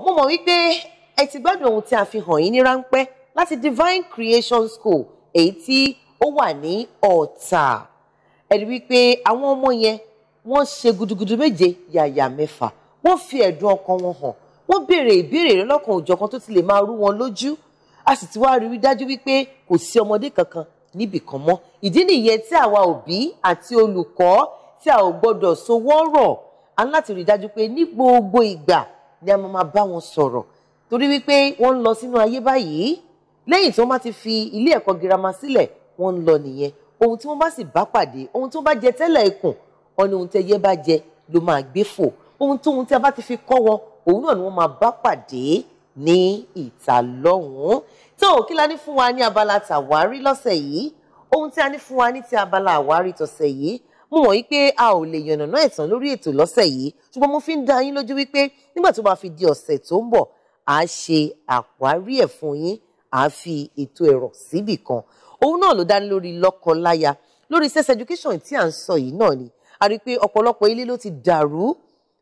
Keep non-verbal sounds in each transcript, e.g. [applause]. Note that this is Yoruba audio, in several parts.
mo mọ̀ wípé ẹ ti gbádùn ohun tí a fi hàn yín ní ráńpẹ́ láti Divine Creation School èyí tí ó wà ní Ọ̀tà ẹ rí wípé àwọn ọmọ yẹn wọ́n ṣe gudugudu méje yàyà mẹ́fà wọ́n fi ẹ̀dùn ọkàn wọn hàn wọ́n béèrè ìbéèrè lọ́kàn òjọ̀kan tó ti lè máa rú wọn lójú a sì ti wá rí dájú wípé kò sí ọmọdé kankan níbì kan mọ́ ìdí nìyẹn tí àwa òbí àti olùkọ́ tí a ò gbọ́dọ̀ sowọ́ rọ̀ a ń láti rí dájú pé ní gbogbo ìgbà ni a máa máa bá wọn sọ̀rọ̀ torí wípé wọ́n ń lọ sínú ayé báyìí lẹ́yìn tí wọ́n bá ti fi ilé ẹ̀kọ́ girama sílẹ̀ wọ́n ń lọ nìyẹn ohun tí wọ́n bá sì bá pàdé ohun tí wọ́n bá jẹ tẹ́lẹ̀ ikùn ọ̀nà ohun tẹ́yẹ bá jẹ ló máa gbé fò ohun tóhun tí a bá ti fi kọ́ wọn òun náà ni wọ́n máa bá pàdé ní ìta lọ́hùn-ún tó kí la ní fún wa ní abala tàwárí lọ́sẹ̀ yìí ohun tí a ní fún wa ní ti abala àwárí tọ̀sẹ̀ yìí mo mọ̀ wípé a ò lè yànnàná ẹ̀tàn lórí ètò lọ́sẹ̀ yìí ṣùgbọ́n mo fi ń dá yín lójú wípé nígbà tó bá fi di ọ̀sẹ̀ tó ń bọ̀ à á ṣe àwárí ẹ̀ fún yín à á fi ètò ẹ̀rọ síbì kan òun náà ló dání lórí lọ́kọ-láya lórí sex education tí à ń sọ yìí náà ni a rí i pé ọ̀pọ̀lọpọ̀ ilé ló ti dàrú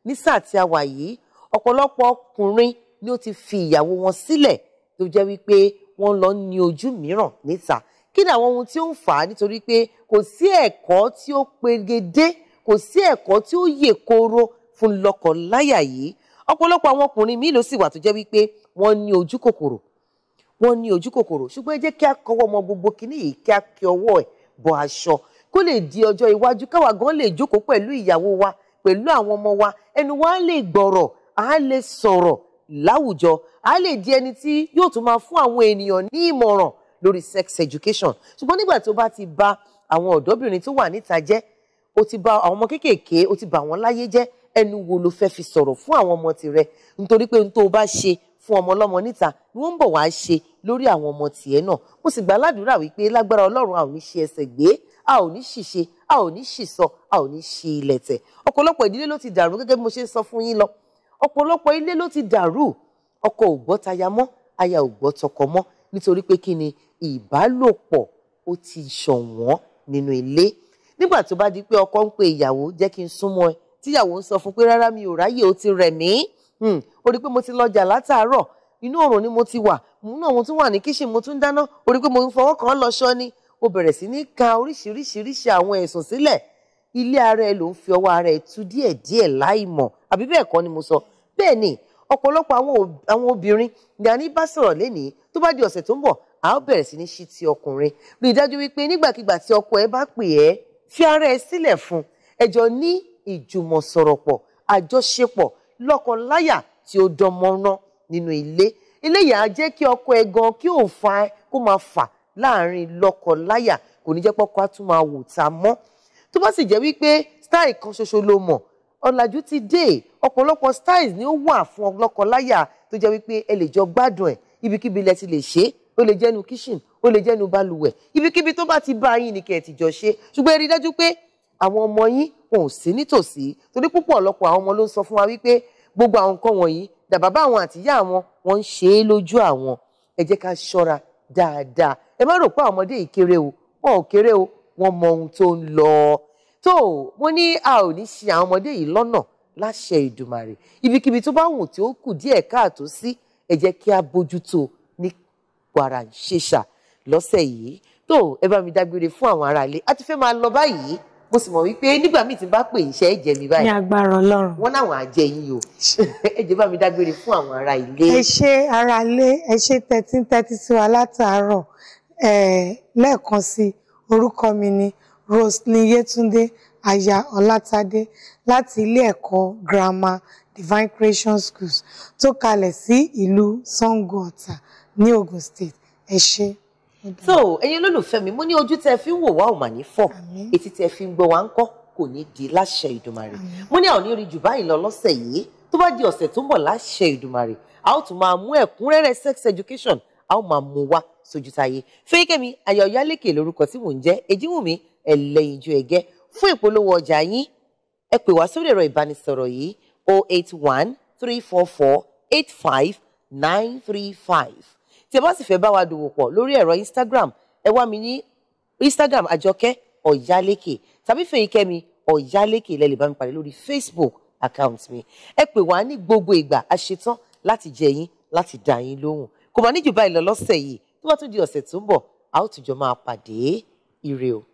ní sáà tí a wà yìí ọ̀pọ̀lọpọ̀ ọkùnrin ni ó ti fi ìyàwó wọn sílẹ̀ tó jẹ́ wípé wọ́n lọ ní ojú mìíràn níta kí ni àwọn ohun tí ó ń fà á nítorí pé kò sí ẹ̀kọ́ tí ó pegedé kò sí ẹ̀kọ́ tí ó yè kooro fún lọ́kọláya yìí ọ̀pọ̀lọpọ̀ àwọn ọkùnrin míì ló sì wà tó jẹ́ wípé wọ́n ní ojú kòkòrò wọ́n ní ojú kòkòrò ṣùgbọ́n ẹ jẹ́ kí a kọ́wọ́ ọmọ gbogbo kìíní yìí kí a kí ọwọ́ ẹ̀ bọ aṣọ kó lè di ọjọ́ iwájú káwa gan lè jókòó pẹ̀lú ìyàwó wa pẹ̀lú àwọn ọmọ wa ẹnu wa á lè gbọ́rọ̀ á lè sọ̀rọ̀ láwùjọ á lè di ẹni tí yóò tún máa fún àwọn ènìyàn ní ìmọ̀ràn lórí sex education ṣùgbọ́n nígbà tó bá ti bà àwọn ọ̀dọ́bìnrin tó wà níta jẹ́ o ti bà àwọn ọmọ kéékèèké o ti bà wọ́n láyé jẹ́ ẹnu wo ló fẹ́ fi sọ̀rọ̀ fún àwọn ọmọ tirẹ̀ nítorí pé n tó bá ṣe fún ọmọ ọlọ́mọ níta ni wọ́n ń bọ̀ wáá ṣe lórí àwọn ọmọ tiẹ̀ náà mo sì gbà wípé lágbára ọlọ́run a ò ní ṣe ẹsẹ̀ gbé a ò ní ṣìṣe a ò ní ṣìsọ a ò ní ṣe ilẹ̀tẹ̀ ọ̀pọ̀lọpọ̀ ìdílé ló ti dàrú gẹ́gẹ́ bí mo ṣe ń sọ fún yín lọ ọ̀pọ̀lọpọ̀ ilé ló ti dàrú ọkọ ò gbọ́ taya mọ́ aya ò mọ́ nítorí pé kí ni ìbálòpọ̀ ó ti ṣọ̀wọ́n nínú ilé nígbà tó bá di pé ọkọ ń pe ìyàwó jẹ́ kí n súnmọ́ ẹ tíyàwó ń sọ fún pé rárá mi ò ráyè ó ti rẹ̀ mí hmm, ó rí i pé mo ti lọ́jà látàárọ̀ inú òrùn ni mo ti wà òun náà mo tún wà ní kíṣìn mo tún dáná ó rí i pé mo ń fọwọ́ kan lọ́ṣọ́ ni ó bẹ̀rẹ̀ sí ní ka oríṣiríṣiríṣi àwọn ẹ̀sùn sílẹ̀ ilé ara ẹ ló ń fi ọwọ́ ara ẹ tú díẹ̀díẹ̀ láì mọ̀ àbí bẹ́ẹ̀ kọ́ ni mo sọ bẹ́ẹ̀ ni ọ̀pọ̀lọpọ̀ àwọn obìnrin ni a ní bá sọ̀rọ̀ lénìí tó bá di ọ̀sẹ̀ tó ń bọ̀ a ó bẹ̀rẹ̀ sí ní ṣí ti ọkùnrin rí i dájú wípé nígbàkigbà tí ọkọ ẹ bá pè ẹ́ fi ara ẹ sílẹ̀ fún ẹ jọ ní ìjùmọ̀sọ̀rọ̀pọ̀ àjọṣepọ̀ lọ́kọláya tí ó dán nínú ilé eléyìí á jẹ́ kí ọkọ ẹ gan kí ó fa kó máa fà láàrin lọ́kọláya kò ní jẹ́ pọ́kọ́ á tún máa wò ta mọ́ tó bá sì jẹ́ wípé style kan ṣoṣo ló mọ̀ ọ̀làjú ti dé ọ̀pọ̀lọpọ̀ styles ni ó wà fún ọlọ́kọláya tó jẹ́ wípé ẹ lè jọ gbádùn ẹ̀ ibikíbi lẹ ti lè ṣe é ó lè jẹ́nu kitchen ó lè jẹ́nu balùwẹ̀ ibikíbi tó bá ti bá yín ni kẹ́ ẹ ti jọ ṣe ṣùgbọ́n ẹ rí dájú pé àwọn ọmọ yín wọn ò sí nítòsí torí púpọ̀ ọ̀lọ́pọ̀ àwọn ọmọ ló ń sọ fún wa wípé gbogbo àwọn nǹkan wọ̀nyí dàbàbá àwọn àtìyá àwọn wọn ń ṣe é lójú àwọn ẹ jẹ́ ká ṣọ́ra dáadáa ẹ má rò pé àwọn ọmọdé yìí kéré o wọn ò kéré o wọn mọ ohun tó ń lọ tó wọ́n ní a ò ní ṣe àwọn ọmọdé yìí lọ́nà láṣẹ ìdùmàrè ibikíbi tó bá wù tí ó kù díẹ̀ káàtó sí ẹ jẹ́ kí a bójútó ní wàrà ṣèṣà lọ́sẹ̀ yìí tó ẹ bá mi dágbére fún àwọn aráalé a ti fẹ́ máa lọ báyìí mo sì mọ̀ wípé nígbà míì tí n bá pè iṣẹ́ ẹ̀jẹ̀ mi báyìí. ní agbára Ọlọ́run. wọ́n láwọn àjẹ yín o [laughs] ẹ̀jẹ̀ bá mi dágbére fún àwọn ará ilé. ẹ ṣe ará ilé ẹ ṣe tẹ́tí tẹ́tí sí wa látàárọ̀ lẹ́ẹ̀kan sí orúkọ mi ni Roselyn yetunde aya Ọlátádé láti ilé-ẹ̀kọ́ girama Divine Creation Schools tó kalẹ̀ sí ìlú Sàngó-Ọ̀tà ní Ogun State ẹ ṣé. so ẹ̀yin olólùfẹ́ mi mo ní ojú tẹ́ fi ń wò wá ò mà ní fọ́ etí tẹ́ fi ń gbọ́ wá ń kọ́ kò ní di láṣẹ Ìdùmarè mo ní àwọn onírí jù báyìí lọ lọ́sẹ̀ yìí tó bá di ọ̀sẹ̀ tó ń bọ̀ láṣẹ Ìdùmarè a ó tún máa mú ẹ̀kúnrẹ́rẹ́ sex education a ó máa mú wá sójútáyé Fẹ́yìkẹ́mi ayọ̀yálékè lórúkọ tí mò ń jẹ́ Èjìwùmí ẹlẹ́yinjú ẹ̀gẹ́ fún ìpolówó ọjà yín ẹ pè wá sórí ẹ̀rọ ìbánisọ̀rọ̀ yìí o oh eight one three four four eight five nine three five tí ẹ bá sì fẹ́ bá wa dòwò pọ̀ lórí ẹ̀rọ Instagram ẹ wá mi ní Instagram àjọkẹ́ ọ̀yálékè tàbí fèyíkẹ́mi ọ̀yálékè lẹ́lẹ̀ bá mi pàdé lórí Facebook account mi ẹ pè wá ní gbogbo ìgbà a ṣetán láti jẹ yín láti dá yín lóhùn kò mà níjù báyìí lọ lọ́sẹ̀ yìí tó bá tún di ọ̀sẹ̀ tó ń bọ̀ a ó tún máa pàdé ire o.